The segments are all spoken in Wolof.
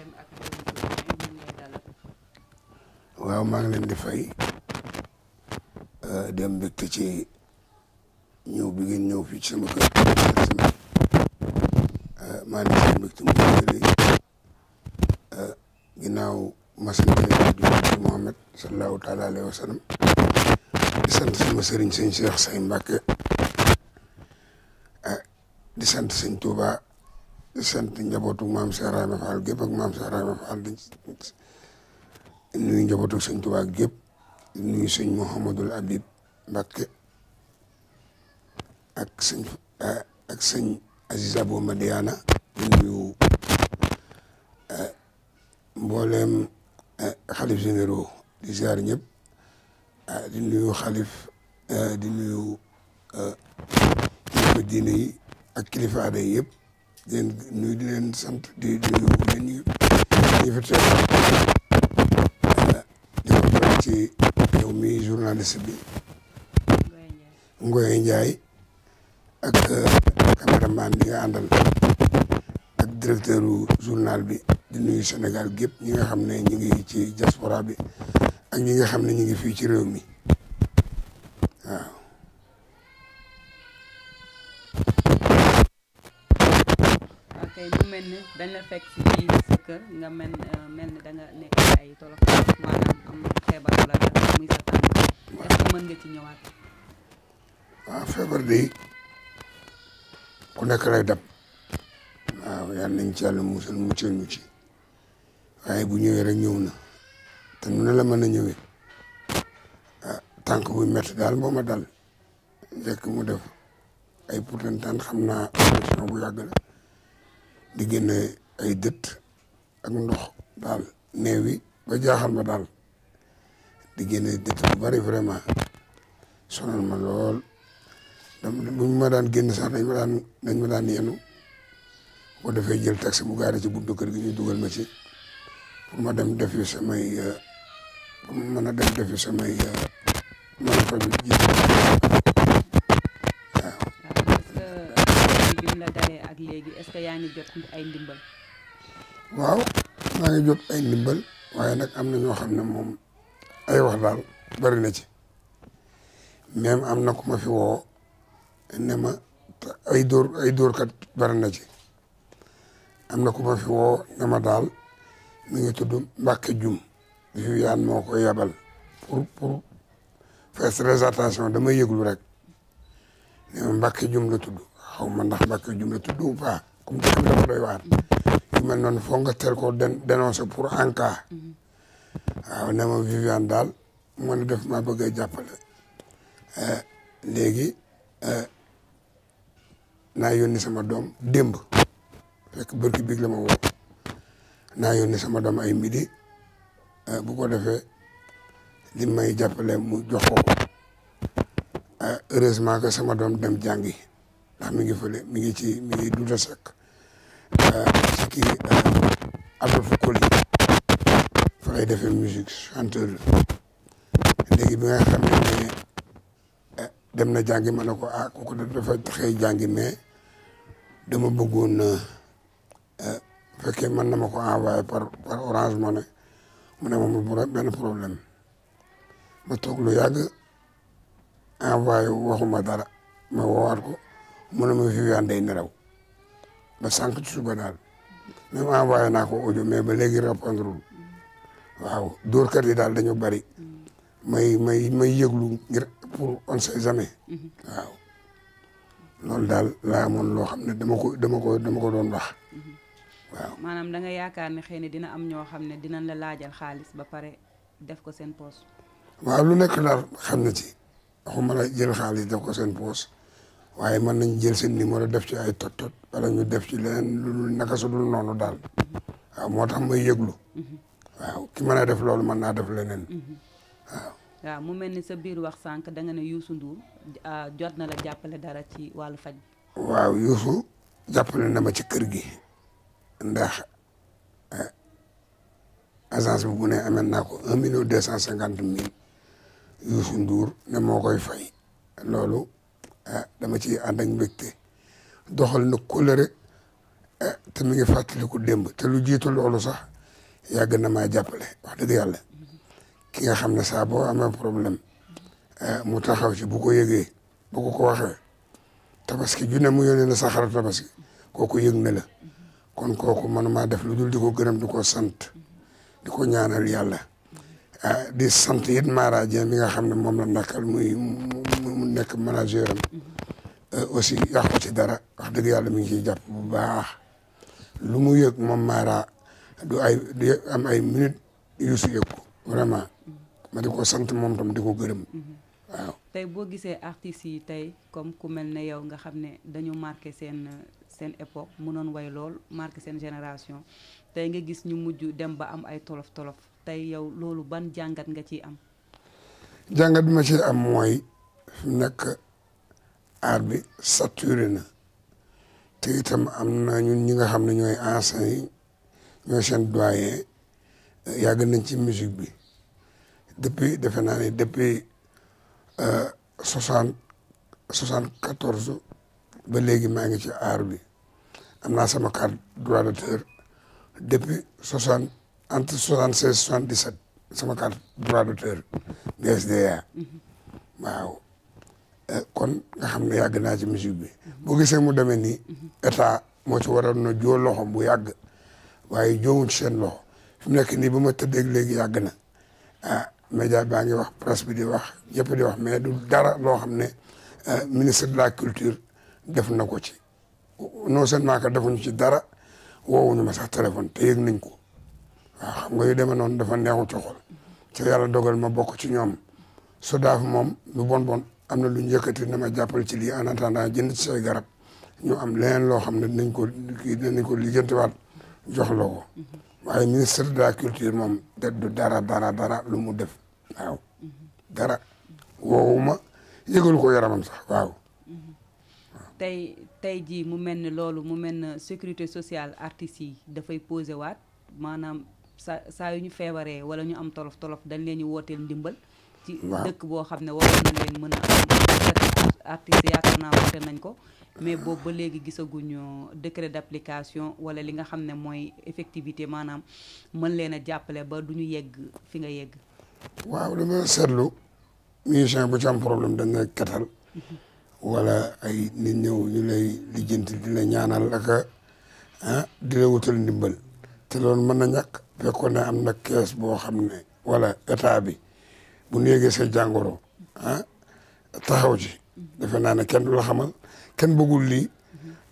FM waaw maa ngi leen di fay eh, dem mbégte ci ñëw bi ngeen ñëw fii ci sama kër eh, maa ngi seen mbégte mu ngi eh, ginnaaw ma sant yàlla di sant Muhammad sallallahu taala alayhi wa sallam di sant sama sëriñ di sant njabootu maam Cheikh Rahma Fall gépp maam Cheikh Rahma Fall di nuyu njabootu sëñ Tuubaa gépp di nuyu sëñ Mouhamadul Habib Mbakke ak sëñ ak sëñ Aziz Abou di nuyu eh, mbooleem eh, xalif généraux di ziar ñëpp eh, di nuyu xalif di nuyu kilifa diine ak kilifa aada yëpp. di leen di leen sant di nuyu leen ñu ñu fi teew di eh, mi journaliste bi Ngoye njaay ak eh, cameraman ni nga àndal ak directeur journal bi di nuyu Sénégal gépp ñi nga xam ne ñu ngi ci diaspora bi ak ñi nga xam ne ñu ngi fii ci réew mi mel ni dañ la fekk ci sa kër euh, nga ci ñëwaat. waaw feebar bi ku nekk lay dab waaw yal nañ ci yàlla musal muccal ñu ci waaye bu ñëwee rek ñëw na te nu ne la mën a ñëwee ah tànk buy métti daal moo ma dal njëkk mu def ay pourtant xam naa bu yàgg la. di génne ay dët ak ndox daal néew yi ba jaaxal ma daal di génne dët bu bari vraiment sonal ma lool mu ma daan génn sax dañ ma daan dañ ma daan yenu boo defee jël taxi mu gaare ci buntu kër gi ñu dugal ma ci pour ma dem defi samay euh, pour ma mën a dem defi samay mën a faju ji la dalee ak léegi jot ay ndimbal. waaw maa ngi jot ay ndimbal waaye nag am na ñoo xam ne moom ay wax daal bari na ci même am na ku ma fi woo ne ma ay dóor ay dóorkat bari na ci am na ku ma fi woo ne ma daal mi ngi tudd Mbacke Dioum Viviane moo ko yabal pour pour damay yëglu rek ne ma Mbacke Dioum la tudd. xaw ma ndax Mbacke Diouf la tudd ou pas comme xam dafa doy waar yu mel noonu foog nga teel ko pour en cas waaw ne ma Viviane daal man def maa bëgg a jàppale eh, léegi eh, naa yónni sama doom démb fekk bërki biig la ma woo naa yónni sama doom ay midi eh, bu ko defee li may jàppale mu jox ko heureusement que sama doom dem jàngi ndax mi ngi fële mi ngi ci mi ngi Duda Seck euh, ci kii euh, Adolphe Coly fa lay defee musique chanteur léegi bi nga xam ne euh, dem na jàngi ma ne ko ah kooku dafa taxee jàngi mais dama bëggoon fekkee mën na ma ko envoyé par par Orange Money mu ne ma benn problème ma toog lu yàgg envoyé waxuma dara ma woowaat ko. mu ne ma Viviane day nelaw ba sànq ci suba daal même envoyé naa ko audio mais ba léegi répondre waaw dóorkat yi daal dañu bari may may may yëglu ngir pour on sait jamais waaw loolu daal laa moon loo xam ne dama ko dama ko dama ko doon wax waaw maanaam da yaakaar ne xëy na dina am ñoo xam ne dinañ la laajal xaalis ba pare def ko seen poos waaw lu nekk daal xam na ci waxuma la jël xaalis def ko seen poos waaye mën nañ jël seen numéro def ci ay tot tot wala ñu def ci leneen lu naka su dul noonu daal waaw moo tax may yëglu waaw ki mën a def loolu mën naa def leneen waaw. waaw mu mel ni sa biir wax sànq danga nga ne Youssou Ndour ah, jot na jàppale dara ci wàllu faj. waaw Youssou jàppale na ma ci kër gi ndax eh, agence bi bu ne amee naa ko un million cent cinquante mille Youssou ne moo koy fay loolu. Eh, dama ci ànd ak mbégte doxal na kóllëre ah te mi ngi fàttaliku démb te lu jiitu loolu sax yàgg na ma jàppale wax dëgg yàlla ki nga xam ne saa boo amee problème eh, mu taxaw ci bu ko yëgee bu ko ko waxee tabaski ju ne mu yónnee la saxar tabaski kooku yëg na la kon kooku man ma def lu dul di ko gërëm di ko sant di ko ñaanal yàlla Ah, di sant it Mara Dieng bi nga xam ne moom la nekkal muy mu nekk manager am eh, dara wax dëgg yàlla mi ngi ciy jàpp bu baax lu mu yëg moom Mara du ay minute yu su yëg ko vraiment ma di ko sant moom tam di ko gërëm waaw. tey boo gisee artistes yi tey comme ku mel ne yow nga xam ne dañu marqué seen seen époque mënoon way lool marqué seen génération tey nga gis ñu mujj dem ba am ay tolof tolof. tey yow loolu ban jàngat nga ci am. jàngat bi ma ci am mooy nekk aar bi saturé na am na ñun ñi nga xam ne ñooy enseignants yi ñooy seen doyen yàgg nañ ci musique bi depuis defe naa ne depuis euh, soixante soixante quatorze ba léegi maa ngi ci aar bi am naa sama carte droit d'auteur depuis soixante entre soixante seize soixante dix sept sama carte droit d'auteur BSDA waaw eh, kon nga xam ne yàgg naa ci musique bi boo gisee mu demee nii état moo ci waroon na joo loxo bu yàgg waaye joowuñ ci seen loxo fi mu nekk nii ba ma tëddeeg léegi yàgg na a ah, média baa ngi wax presse bi di wax ñëpp di wax mais du dara loo xam ne eh, ministre de la culture def na ko ci non seulement que defuñu ci dara woowuñu ma sax téléphone te yëg nañ ko waaw xam nga yu demee noonu dafa neexu ci xol yàlla dogal ma bokk ci ñoom SODAV moom lu bon bon am na lu ñu yëkkati na ma jàppale ci lii en attendant jënd ci say garab ñu am leneen loo xam ne dinañ ko kii dinañ ko lijjantiwaat jox loo ko waaye ministre de la culture moom de du dara dara dara lu mu def waaw dara woowuma yëgalu ko yaramam sax waaw tey tey jii mu mel ni loolu mu mel ne sécurité social artistes yi dafay posé waat maanaam saa saa yu ñu feebaree wala ñu am tolof tolof dañ leen ñu wooteel ndimbal ci dëkk boo xam ne waroon na leen mën a am artiste yaakaar naa woote nañ ko mais boobu ba léegi gisaguñu décret d'application wala li nga xam ne mooy effectivité maanaam mën leen a jàppale ba du ñu yegg fi nga yegg waaw li ma seetlu musicien bu ci am problème dañ lay katal wala ay nit ñëw ñu lay lijjanti di la ñaanal ak ah di ndimbal te loolu mën na ñàkk fekkoon ne am na kees boo xam ne wala état bi bu néegee sa jàngoro ah taxaw ci defe naa ne kenn du la xamal kenn bëggul lii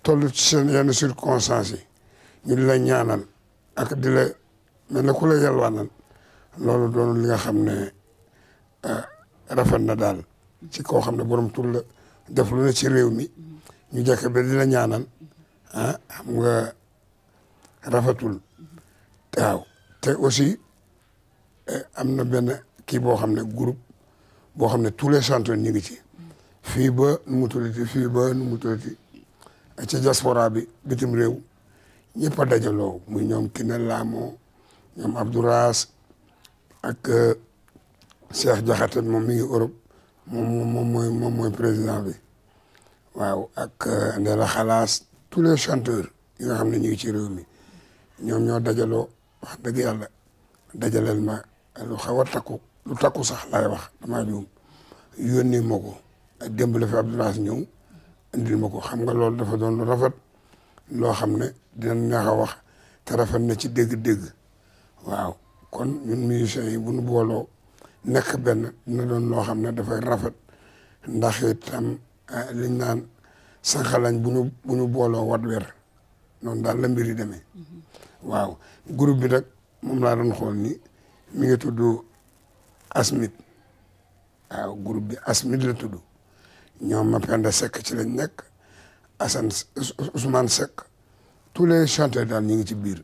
toll ci seen yenn circonstances ñu di la ñaanal ak di la mel ne ku la yalwaanal loolu doon li nga xam ne ah, rafet na daal ci koo xam ne borom tur la def lu ne ci réew mi ñu jekk rafetul waaw te aussi eh, am na benn kii boo xam ne groupe boo xam ne tous les chanteurs ñu ngi ci fii ba nu mu tuddati fii ba nu mu tuddati ci diaspora bi bitim réew ñëpp a dajaloo muy ñoom Kine Lamo ñoom Abdouraas ak eh, Cheikh Diakhaté moom mi ngi Europe moom moom mooy moom mooy président bi waaw ak eh, Ndella Xalaas tous les chanteurs yi nga xam ne ñu ngi ci réew mi ñoom ñoo dajaloo wax dëgg yàlla dajaleel ma lu xaw a takku lu takku sax laay wax damaa juum yónnee ma ko démb la fi Abdoulaye ñëw indil ma ko xam nga loolu dafa doon lu rafet loo xam ne dinañ neex wax te rafet na ci dégg-dégg waaw kon ñun musiciens yi bu nu booloo nekk benn dina doon loo xam ne dafay rafet ndax itam eh, liñ naan sànqalañ bu ñu bu ñu booloo wat weer noonu daal la mbir yi demee. Mm-hmm. waaw groupe bi nag moom laa doon xool ni mu ngi tudd asmit waaw groupe bi asmit la tudd ñoom Mapenda Seck ci lañ nekk Assane Ousmane Seck tous les chanteurs daal ñu ngi ci biir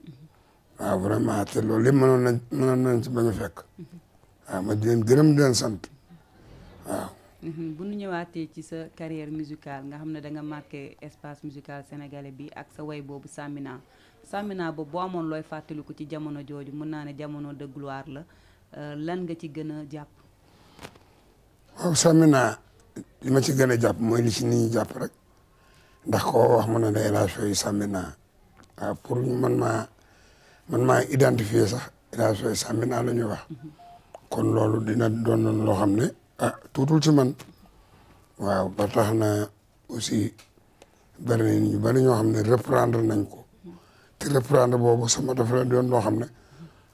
waaw vraiment te loolu lépp mënoon nañ mënoon nañ ci bañ a fekk waaw ma di leen gërëm di leen sant waaw. Mhm, bu ñu ñëwaatee ci sa carrière musicale nga xam ne da nga marqué espace musical sénégalais bi ak sa way boobu Samina. Samina ba boo amoon looy fàttaliku ci jamono jooju mën naa ne jamono de la euh, lan nga ci gën a jàpp. waaw Samina li ma ci gën a jàpp mooy li ci nit ñi jàpp rek ndax koo wax mu ne la élection yi pour man maa man maa identifier sax élection yi Samina la ñuy wax kon loolu dina doon loo xam ne ah tuutul ci man waaw ba tax na aussi bari na bari ñoo xam ne reprendre nañ ko. reprendre boobu sama dafa la doon loo xam ne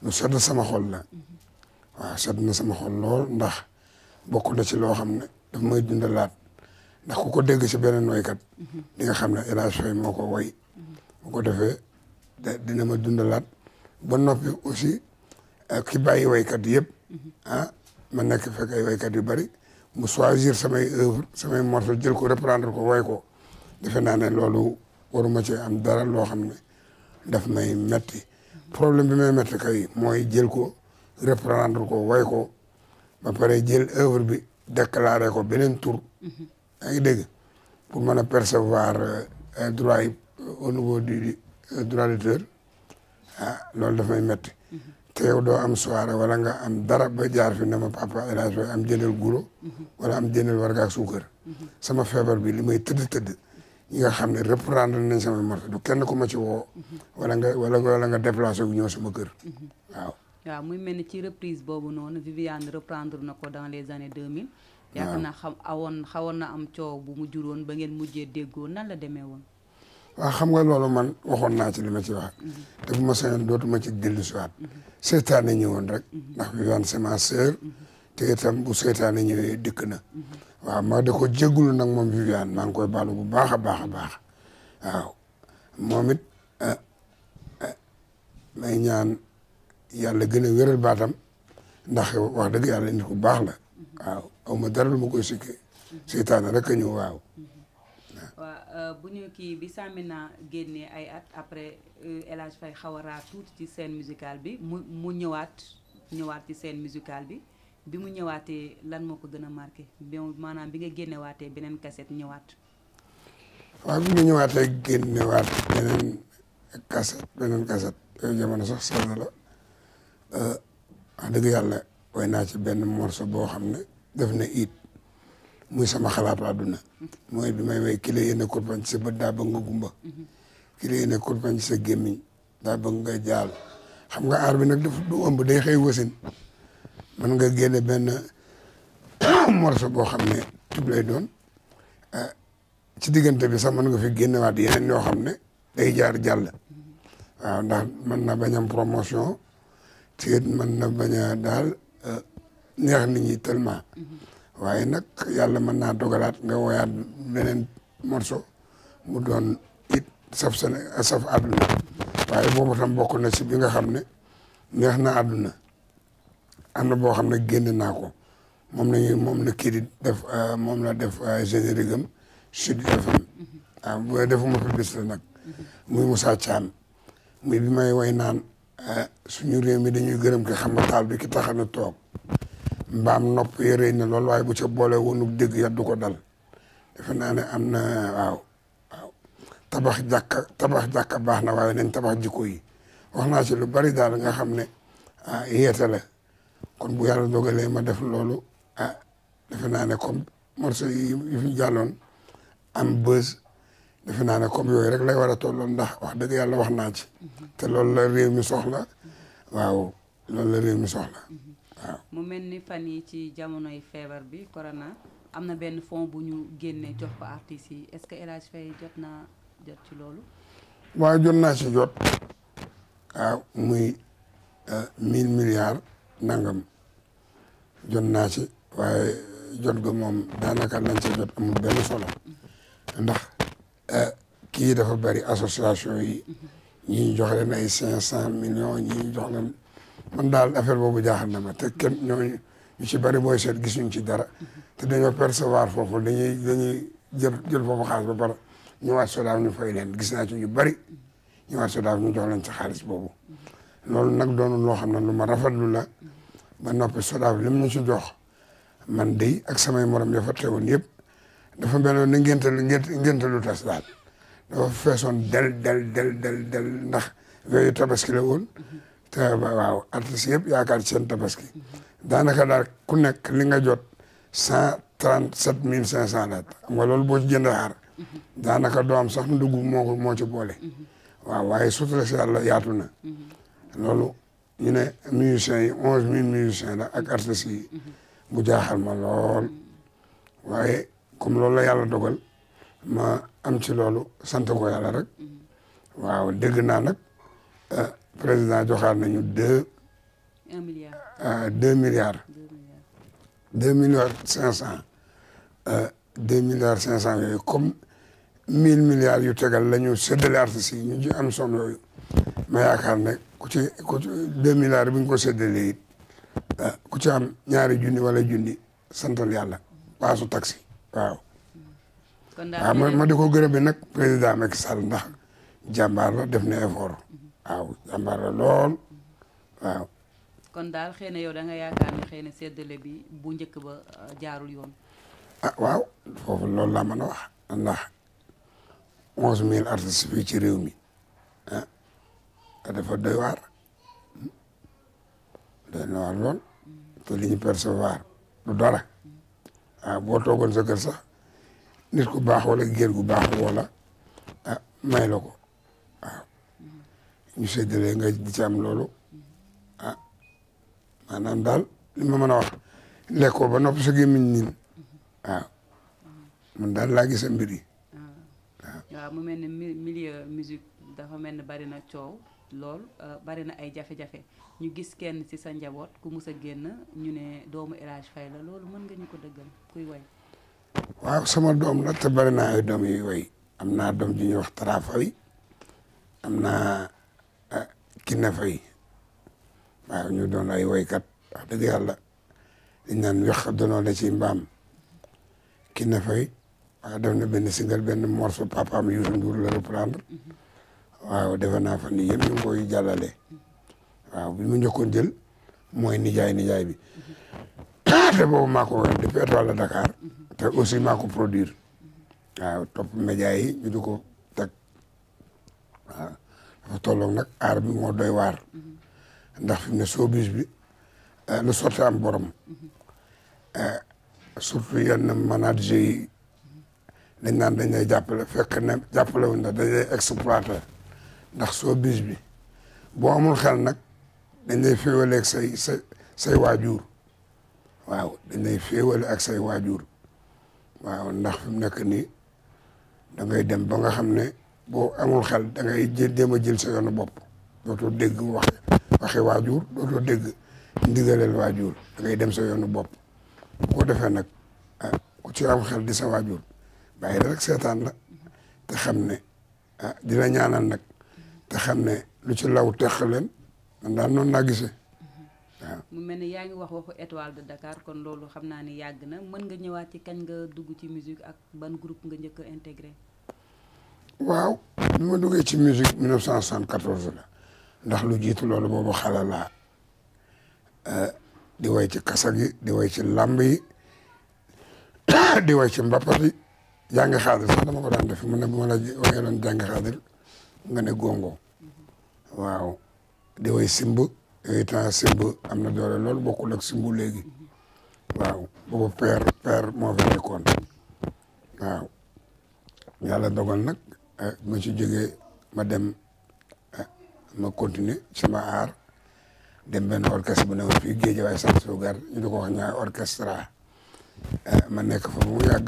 lu sedd sama xol la waaw sedd na sama xol lool ndax bokk na ci loo xam ne daf may laat ndax ku ko dégg ci beneen woykat di nga xam ne El Hadj moo ko woy bu ko defee dina ma dundalaat ba noppi aussi ki bàyyi woykat yëpp ah ma nekk fekk ay woykat yu bari mu choisir samay œuvre samay jël ko reprendre ko woy ko defe naa ne loolu waruma ci am dara loo xam ne daf may metti problème bi may metti kay mooy jël ko reprendre ko way ko ba pare jël œuvre bi déclaré ko beneen tur mhm. yaa ngi dégg pour mën a percevoir euh, droit yi euh, au niveau du euh, droit d'auteur ah loolu daf may metti mhm. te doo am soirée wala nga am dara ba jaar fi na ma papa El Hadj am jëndal guro mhm. wala am jëndal warga ak suukar sama feebar bi li may tëdd tëdd ñi nga xam ne reprendre nañ sama marché du kenn ku ma ci woo. wala nga wala nga wala nga déplacé wu ñëw sama kër. waaw. waaw muy mel ni ci reprise boobu noonu Viviane reprendre na ko dans les années de waaw yaakaar naa xam awoon xawoon na am coow bu mu juróon ba ngeen mujjee déggoo nan la demee woon. waaw xam nga loolu man waxoon naa ci li ma ci wax. Mhm. te bu ma sañoon dootuma ci dellusiwaat. Mhm. seetaan na ñëwoon rek. Mhm. ndax Viviane c'est ma te itam bu seytaane ñëwee dikk na waaw ma da ko jéggul nag moom Viviane maa ngi koy baalu bu baax a baax a baax waaw moom it eh, eh, may ñaan yàlla gën a wéral baatam ndax wax dëgg yàlla nit bu baax la waaw aw ma dara lu ma koy sikkee seytaane rek a ñëw waaw waaw euh, bu ñu kii bi Samina génnee ay at après euh, El Hadj Faye tuuti ci seen musicale bi mu mu ñëwaat ñëwaat ci seen musicale bi bi mu ñëwaatee lan moo ko gën a marqué maanaam bi nga waatee beneen cassette ñëwaat. waaw bi nga ñëwaatee génnewaat beneen cassette beneen cassette jamono sax solo la eh, wax dëgg yàlla way naa ci benn morceau boo xam ne def na it muy sama xalaatu àdduna. mooy bi may way ki la yéene kurpañ sa bët daa bëgg nga gumba. ki la yéene sa gémmiñ daa nga jaal xam nga aar bi nag du ëmb day xëy wasin mën nga génne benn morceau boo xam ne tub lay doon eh, ci diggante bi sax mën nga fi génnewaat yeneen yoo xam ne day jaar jàll. waaw ndax mën na bañ am promotion ci mën na bañ a daal eh, neex nit ñi tellement. Mm-hmm. waaye nag yàlla mën naa dogalaat nga woyaat meneen morceau mu doon it saf sene saf àdduna waaye boobu tam bokk na si bi nga xam ne neex na àdduna am na boo xam ne génn naa ko moom lañuy moom la kii di def euh, moom la def euh, générique am Sud FM ah bu defuma publicité nag muy musaa Thiam muy bi may way naan euh, suñu réew mi dañuy gërëm ki xam nga taal bi ki taxa na toog mbaam nopp ya rëy na lool waaye bu ca boole woonu dégg ya du ko dal defe naa ne am na waaw waaw tabax jàkka tabax jàkka baax na waaye nañ tabax jikko yi wax naa ci lu bari daal nga xam ne ah yeete la kon bu yàlla dogalee ma def loolu ah defe naa ne comme morceau yi yi fi jàlloon am bës defe naa ne comme yooyu rek lay war a tolloon ndax wax dëgg yàlla wax naa ci te loolu la réew mi soxla waaw loolu la réew mi soxla waaw. mu mel ni fan yi ci jamonoy feebar bi corona am na benn fond bu ñu génne jox ko artistes ce que El Hadj Faye jot naa ci loolu. waaw jot naa si jot. waaw muy euh, milliards. nangam jot naa ci waaye jot ga moom daanaka nañ ci jot amul benn solo ndax eh, kii dafa bari association yi ñu jox leen ay cinq cent millions ñii jox leen man daal affaire boobu jaaxal na ma te kenn ñooñu ñu ci bari booy seet gisuñ ci dara te dañoo percevoir foofu dañuy dañuy jël jël foofu xaalis ba pare ñëwaat sodaaf ñu fay leen gis naa ci ñu bari ñëwaat sodaaf ñu jox leen ci xaalis boobu loolu nag doon loo xam ne lu ma lu la ba noppi sodaaw lim mu ci jox man dey ak samay morom ya fa teewoon yëpp dafa mel ni ngénte lu ngénte lu tas daal dafa feesoon del del del del del ndax yooyu tabaski la woon te waaw artistes yëpp yaakaar ci seen tabaski daanaka daal ku nekk li nga jot cent trente sept mille cinq cent la xam nga loolu boo ci jënd xaar daanaka doo am sax ndugg moo moo ci boole mm-hmm. waaw waaye sutura si yàlla yaatu na mm-hmm. loolu ñu ne musiciens yi onze mille la ak artistes yi mu jaaxal ma lool waaye comme loolu la yàlla dogal ma am ci loolu sant ko yàlla rek waaw dëgg naa nag euh, président joxaat nañu deux un milliard euh, deux milliards deux milliards cinq cent euh, deux milliards cinq cent yooyu comme milliards yu tegal la ñu séddale artistes yi ñu ci am somme yooyu ma yaakaar ne ku ci ku ci deux milliards bi ñu ko séddalee it ah, ku ci am ñaari junni walla junni santal yàlla paasu taxi waaw. kon daal waaw ah, ma di ko gërëm nag président Macky Sall ndax jàmbaar la def na effort. waaw jàmbaar la lool waaw. kon daal xëy na yow yaakaar ne xëy na bi bu njëkk ba euh, jaarul yoon. ah waaw foofu loolu laa mën a wax ndax onze mille artistes fii ci réew mi ah, dafa doy waar doy na waar lool te li ñu percevoir du dara ah boo toogoon sa kër sax nit ku baax wala géer gu baax wala ah may la ko waaw ah, ñu séddalee nga di ci loolu ah maanaam daal li ma mën a wax lekkoo ba nopp sa gémmiñ niin waaw ah, man daal laa gis sa mbir ah. waaw. mu mel ne milieu musique dafa mel bari na coow. lool euh, bari na ay jafe-jafe ñu gis kenn ci sa njaboot ku mus a génn ñu ne doomu El Hadj Faye la loolu mën nga ñu ko dëggal kuy way waaw sama doom la te bari naa ay doom yuy way am naa doom ju ñuy wax Tara Faye am naa euh, Kina Faye waaw ñu doon ay waykat wax dëgg yàlla dañ naan wax doonoo la mbaam Kina Faye waaw def na benn single benn morceau papaam Youssou Ndour la reprendre mhm. waaw defe naa fan yii yëpp ñu ngi koy jàllale waaw bi ma njëkkoon jël mooy nijaay nijaay bi te boobu maa ko woon depuis étoile de te aussi maa ko waaw topp média yi ñu di ko teg waaw dafa nag aar bi moo doy waar ndax fi mu ne showbiz bi eh, lu sotti am borom eh, surtout yenn manager yi dañ naan dañ lay jàppale fekk na jàppale wuñ la dañ lay exploiter ndax soo bis bi boo amul xel nag dañ lay féewale ak say say say waajur waaw dañ lay ak say waajur waaw ndax fi nekk nii dangay dem ba nga xam ne boo amul xel dangay ngay jéem a jël sa yoonu bopp dootoo dégg wax waxe waajur dootoo dégg ndigaleel waajur da dem sa yoonu bopp bu ko defee nag ah ku ci am xel di sa waajur bàyyi la rek seetaan la te xam ne ah dina ñaanal nag te xam ne lu ci law teq leen man daal noonu naa gisee mm-hmm. mu mel ni yaa ngi wax waxu étoile de Dakar kon loolu xam naa ni yàgg na mën nga ñëwaat ci kañ nga dugg ci musique ak ban groupe nga njëkk a intégré. waaw bi ma duggee ci musique 1974 la ndax lu jiitu loolu boobu xale laa eh, di way ci kasa gi di way ci làmb yi di way ci mbapat yi jàng xaadir sax dama ko daan def mu ne bu ma la waxee doon jàng xaadir nga ne gongo waaw di way simb yooyu temps simb am na doole loolu bokkul ak simb léegi waaw boobu père père moo fi nekkoon waaw yàlla dogal nag eh, ma ci jógee ma dem eh, ma continuer sama aar dem benn orchestre bu ne ma géej Géejawaay sax suugar ñu di ko wax ñaar orchestra eh, ma nekk fa bu mu yàgg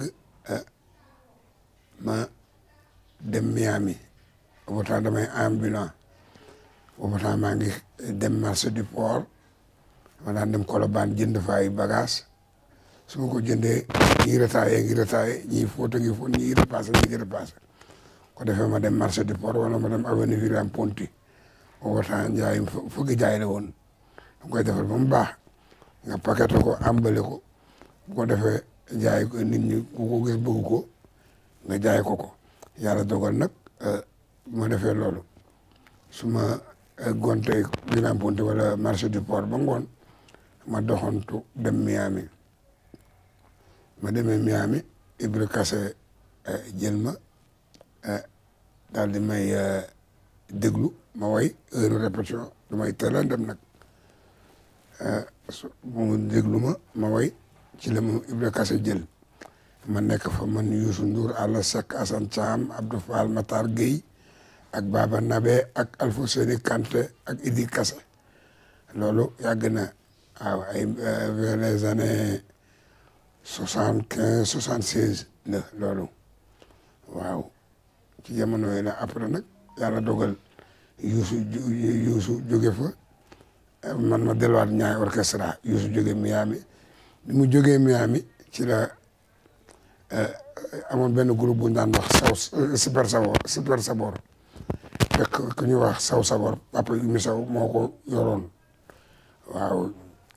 ma dem Miami pourtant damay ambulant pourtant maa ngi dem marché du port ma daan dem Colobane jënd fa ay bagages su ko jëndee ñii retaillé ngi retaillé ñii fóot ngi fóot ñii repassé ngi ko defee ma dem marché du port wala ma dem avenue William Ponty pourtant njaay fukki jaay la woon da koy defar ba mu baax nga paqueté ko emballé defee jaay ko nit ñi ku ko gis ma defee loolu su ma eh, gontee Guinaw Pointe wala marché du port ba ngoon ma doxantu dem Miami ma demee Miami Ibra Kase eh, jël ma eh, daal may déglu ma way heure teel a dem nag mu déglu ma ma way ci la mu Ibra Kase jël ma nekk fa man Youssou Ndour Alla Seck Assane Thiam Abdou Fall Matar Gueye ak Baba Nabe ak Alfousseni Kanté ak Idi Kassé loolu yàgg na waaw ay euh, vers les soixante quinze soixante seize na loolu waaw ci jamono yooyu après nag yàlla dogal Youssou Youssou jóge fa man ma delluwaat ñaari orchestra Youssou jóge Miami bi mu jógee Miami ci la euh, amoon benn groupe bu ñu daan wax euh, sabor rek ku ñuy wax saw sagor papa yu mi saw moo ko yoroon waaw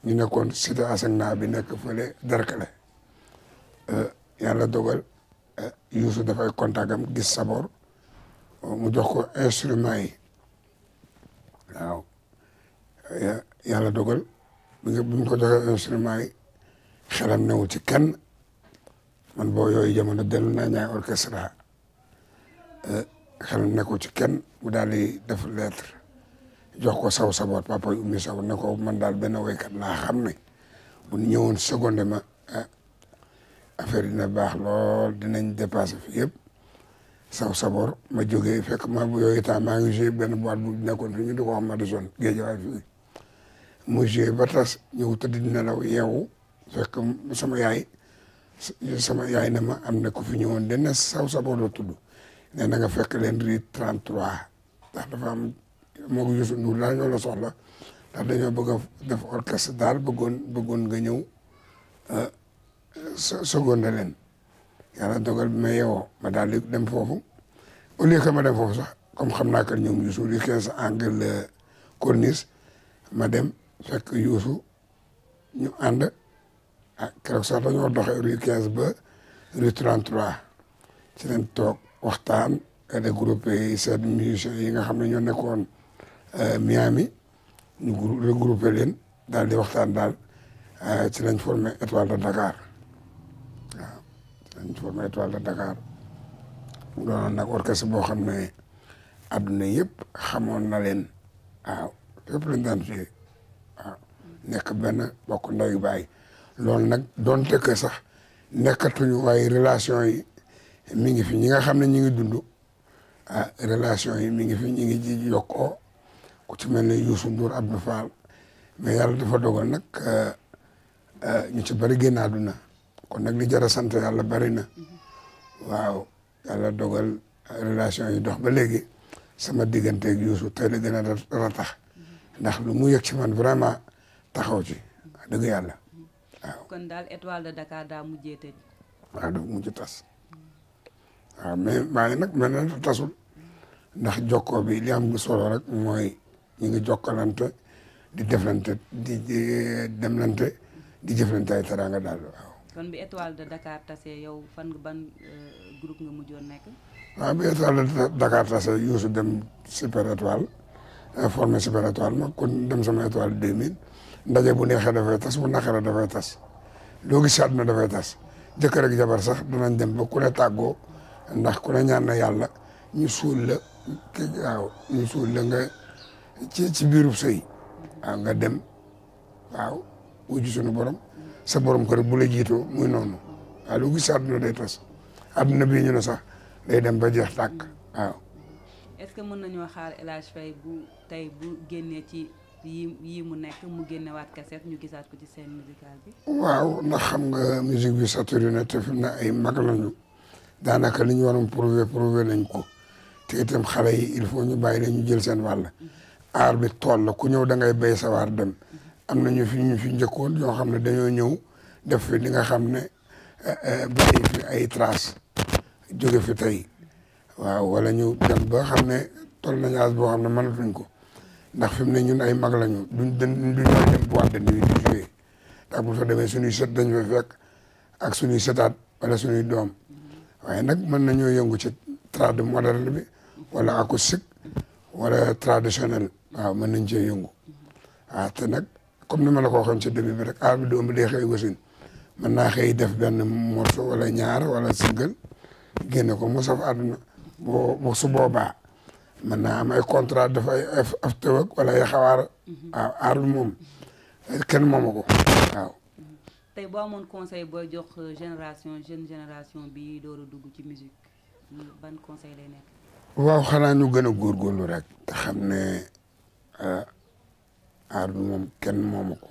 ñu nekkoon cité Asegna bi nekk fële Derkale eh, yàlla dogal eh, Youssou dafay contact am gis saboor eh, mu jox ko instrument yi waaw yàlla dogal bi nga bu ñu ko joxee instrument yi xelam newul ci kenn man boo yooyu jamono dellu naa ñaay orchestre xel nekkul ci kenn mu daal di def lettre jox ko saw saboot papa yi ummi saw ne ko man daal benn waykat naa xam ne bu ñëwoon seconde ma eh, affaire dina baax lool dinañ dépassé fi yëpp saw saboor ma jógee fekk ma bu yooyu temps maa ngi joué benn boîte bu nekkoon fi ñu di ko wax Madison Géejawaay fii mu joué ba tas ñëw tëdd dina law yeewu fekk sama yaay sama yaay ne ma am na ku fi ñëwoon dana saw saboor la tudd nee na nga fekk leen rue 33 ndax dafa am moo ko Youssou Ndour daal ñoo la soxla ndax dañoo bëgg a def daal bëggoon bëggoon nga ñëw euh, seconde leen yàlla dogal bi ma yeewoo ma daal di dem foofu au lieu que ma dem foofu sax comme xam naa que ñoom Youssou di quinze angle euh, corniche ma dem fekk Youssou ñu ànd ah keroog sax dañoo doxee rue quinze ba rue 33 ci leen toog waxtaan regroupé seen musiciens yi nga xam ne ñoo nekkoon euh, Miami ñu regroupé leen daal di waxtaan daal euh, ci lañ formé étoile de Dakar waaw ci lañ formé étoile de Dakar doonoon nag orchestre boo xam ne adduna yëpp xamoon na leen waaw fépp lañ daan nekk benn bokk ndeyu baay loolu nag doonte que sax nekkatuñu waaye relation yi mi ngi fi ñi nga xam ne ñu ngi dund ah relation yi mi ngi fi ñu ngi ji yokkoo ku ci mel ne Youssou Ndour Abdou Fall mais yàlla dafa dogal nag euh, euh, ñu ci bëri génn àdduna kon nag li jar a sant yàlla bari na waaw yàlla dogal euh, relation yi dox ba léegi sama digganteeg Youssou tey la gën a ratax ndax lu mu yëg ci man vraiment taxaw ci dëgg yàlla kon daal étoile de Dakar daa waaw dafa mujj tas. waaw mais maa nag mel na ne tasul ndax jokkoo bi li am solo rek mooy ñu ngi jokkalante di def deflante di demlante di jëflante ay teraanga daal waaw. kon bi étoile de Dakar tase yow fan ban euh, groupe nga mujjoon nekk. waaw bi étoile de Dakar tase Youssou dem super étoile formé super étoile ma kon dem sama étoile 2000 ndaje bu neexee dafay tas bu naqaree dafay tas loo gis si àdduna dafay tas jëkkër ak jabar sax danañ dem ba ku ne tàggoo. ndax ku la ñaan na yàlla ñu suul la waaw ñu suul la nga ci ci biirub sëy waaw nga dem waaw wuju sunu borom sa borom kër bu la jiitoo muy noonu waaw lu gis sa adduna day tas adduna bii ñu ne sax day dem ba jeex tàkk waaw. est-ce que mën nañoo xaar El Hadj bu tey bu génnee ci yi yii mu nekk mu génnewaat kaset ñu gisaat ko ci scène musicale bi. waaw ndax xam nga musique bi saturé na te fi na ay mag lañu. daanaka li ñu waroon prouver prouver nañ ko te itam xale yi il faut ñu bàyyi dañu jël seen wàll aar bi tool la ku ñëw da ngay béy sa waar dem am na ñu fi ñu fi njëkkoon yoo xam ne dañoo ñëw def fi li nga xam ne eh, eh, bàyyi fi ay trace jóge fi tey waaw wala ñu dem ba xam ne toll nañ as boo xam ne mënatuñ ko ndax fi ne ñun ay mag lañu duñ duñ duñ dem boîte de nuit di jouer ndax bu fa demee suñuy set dañ fa fekk ak suñuy setaat wala suñuy doom waaye nag mën nañoo yëngu ci trad moderne bi wala acoustique wala traditionnel mën nañ cee yëngu ah te nag comme ni ma la ko waxoon ci début bi rek aar bi doom bi day xëy wasin mën naa xëy def benn morceau wala ñaar wala single génne ko mu saf àdduna boo su boobaa mën naa am ay contrat dafa ay af tëwëg wala ay mhm. moom kenn moomu tey boo amoon conseil booy jox euh, génération jeune génération bii door a dugg ci musique ban conseil lay nekk. waaw xanaa ñu gën a góorgóorlu rek. te xam ne euh, aar bi kenn moomu ko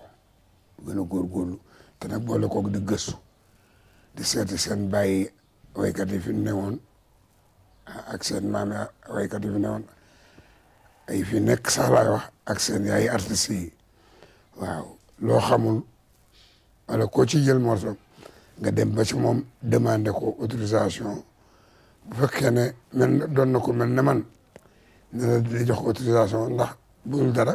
gën a góorgóorlu te nag boole kook di gëstu di seeti seen bàyyi waykat yi fi newoon ak seen maam yi waykat yi fi newoon ay fi nekk sax wax ak seen yaayu artistes yi waaw loo xamul. wala koo ci jël morso nga dem ba moom demandé ko autorisation bu fekkee ne mel doon na ko mel ne man ne la jox autorisation ndax bu dara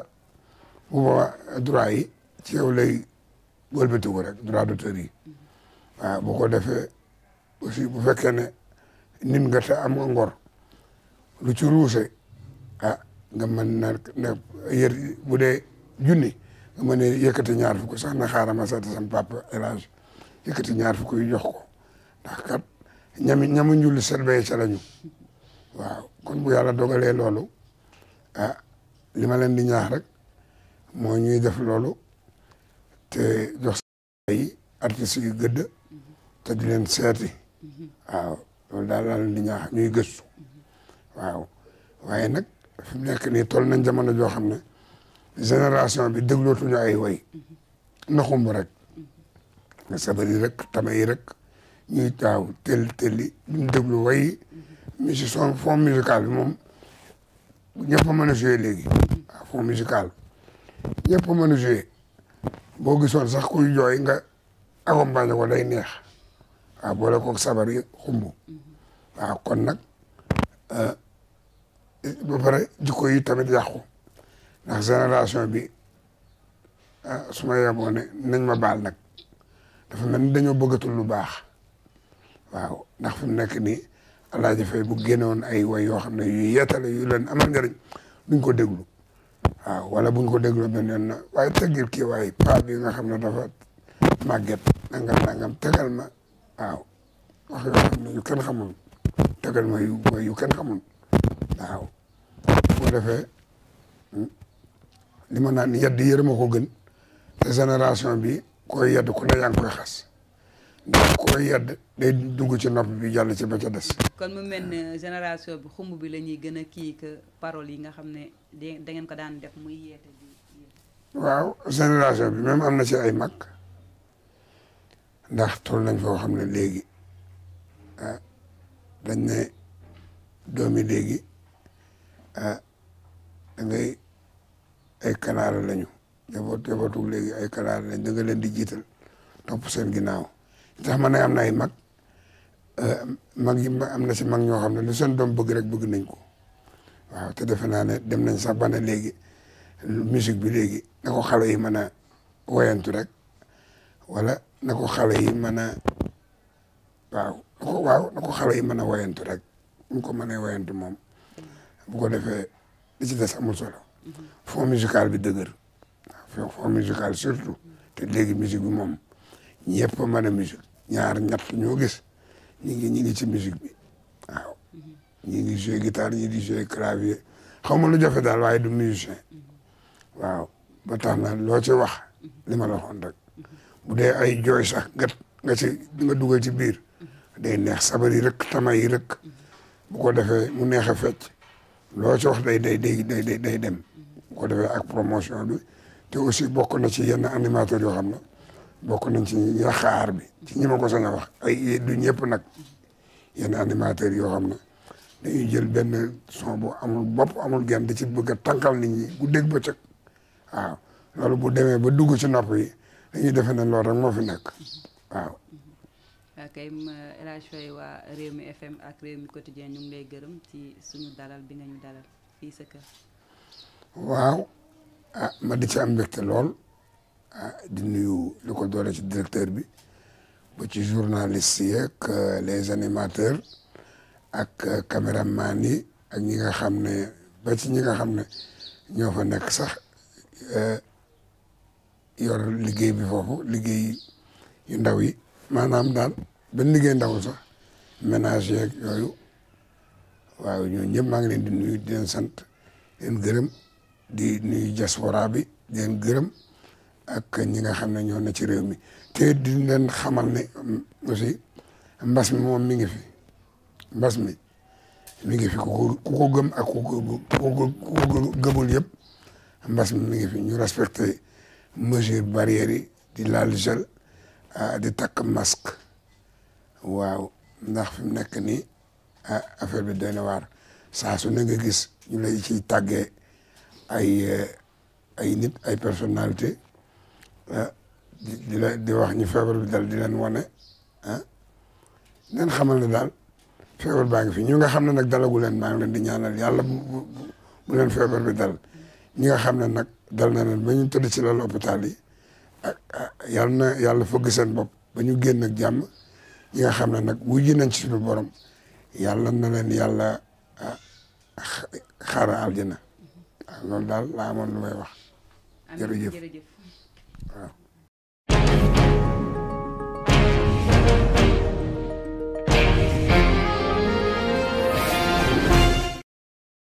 bu boobaa droit yi ci yow lay wëlbatiku rek droit d'auteur yi waaw bu ko defee aussi bu fekkee ne nit nga te am nga ngor lu ci ruuse ah nga mën na ne yër bu dee junni mu ne yëkkati ñaar fukk sax na xaaral ma seeti sama papa El yëkkati ñaar fukk yu jox ko ñam kat ñami ñamu njulli seen bay ca waaw kon bu yàlla dogalee loolu ah li ma leen di ñaax rek moo ñuy def loolu te jox ay artistes yu gëdd te di leen seeti waaw loolu daal laa leen ñaax ñuy gëstu waaw waaye nag fi mu nekk nii toll nañ jamono joo xam ne génération bi déglootuñu ay way naxum rek nga sabar yi rek tama rek ñuy taaw tel teli duñ déglu way mi si musical bi moom ñëpp a mën a jouer léegi waaw musical ñëpp a mën a jouer boo gisoon sax kuy nga accompagner ko day neex waaw boole koog sabar yi xumb waaw kon nag euh, ba pare jikko ndax génération bi ah, su ma yeboo ne nañ ma baal nag dafa mel ni dañoo bëggatul lu baax waaw ndax fu mu nekk nii Alaaji Fay bu génnewoon ay way yoo xam ne yu yeetale yu leen amal njëriñ duñ ko déglu waaw wala buñ ko déglu benn yoon na waaye teggil kii waaye bi nga xam ne dafa màgget nangam nangam tegal ma waaw wax yoo xam ne yu kenn xamul tegal ma yu yu kenn xamul waaw bu li ma naan yedd yërëma ko gën te génération bi koy yedd ku ne yaa koy xas ndax koy yedd day dugg ci nopp bi jàll ci ba ca des. kon mu mel ne génération bi xumb bi la ñuy gën a kii que paroles yi nga xam ne da ngeen ko daan def muy yeete bi. waaw bi am na ci ay mag ndax toll nañ foo xam ne léegi ah dañ ne doomi léegi ah ay kanaara lañu njaboot léegi ay kanaara lañ da nga leen di jiital topp seen ginnaaw tax man am na ay mag eh, mag yi am na si mag ñoo xam ne lu seen doom bëgg rek bëgg nañ ko waaw te defe naa ne dem nañ sax ba ne léegi musique bi léegi na ko xale yi mën a woyantu rek wala na ko xale yi mën a waaw na ko waaw yi mën a woyantu rek bu ko mënee woyantu moom bu ko defee li ci des fond musical bi dëgër fond musical surtout te léegi musique bi moom ñëpp mën a musique ñaar ñett ñoo gis ñi ngi ñi ngi ci musique bi waaw ñi ngi joué guitare ñi di joué clavier xaw ma lu jafe daal waaye du musicien waaw ba tax na loo ci wax li ma la waxoon dee ay jooy sax nga nga ci nga dugal ci biir day neex sabar yi rek tama yi rek bu ko defee mu neex a fecc loo ci wax day day day day day dem ko defee ak promotion bi te aussi bokk na ci yenn animateurs yoo xam ne bokk nañ ci yàq aar bi ci ñi ma ko sañ wax ay du ñëpp nag yenn animateurs yoo xam ne dañuy jël benn son bu amul bopp amul genn di ci bëgg a tànkal gu ñi guddeeg bëccëg waaw loolu bu demee ba dugg ci nopp yi dañuy defe ne loolu rek moo fi nekk waaw. kay El Hadj Faye waa FM ak Rewmi Quotidien ñu ngi lay gërëm ci suñu dalal bi nga ñu dalal waaw a ah, ma di ci am mbégte lool ah di nuyu li ko doole ci directeur bi ba ci journaliste yi ak euh, les animateurs ak euh, caméraman yi ak ñi nga xam ne ba ci ñi nga xam ne ñoo fa nekk sax euh, yor liggéey bi foofu liggéey yu ndaw yi maanaam daal benn liggéey ndaw sax ménage yeeg yooyu waaw ñoo ñëpp maa ngi leen di nuyu di leen sant leen gërëm di nuyu diaspora bi di leen gërëm ak ñi nga xam ne ñoo na ci réew mi te di leen xamal ne mm, aussi mbas mi moom mi ngi fi mbas mi mi ngi fi ku ko ku ko gëm ak ku ko ku ko gëmul yëpp mbas mi mi ngi fi ñu respecté mesure barrières yi di laal gel ah, di takk masque waaw ndax fi mu nekk nii ah, affaire bi doy na waar saa su ne nga gis ñu lay ciy tàggee. ay eh, ay nit ay personnalité eh, di la di wax ñu feebar bi dal di leen wane ah eh. xamal ne daal feebar baa ngi fi ñu nga xam ne nag dalagu leen maa ngi leen di ñaanal yàlla mu leen feebar bi dal ñi nga xam ne nag dal na leen ba ñu tëdd ci lalu hôpital yi ak yàlla na yàlla seen bopp ba ñu génn ak jàmm ñi nga xam ne nag wujji nañ ci suñu borom yàlla na leen yàlla ah, xaara aljana waaw loolu daal laa amoon lu may wax. jërëjëf jërëjëf waaw.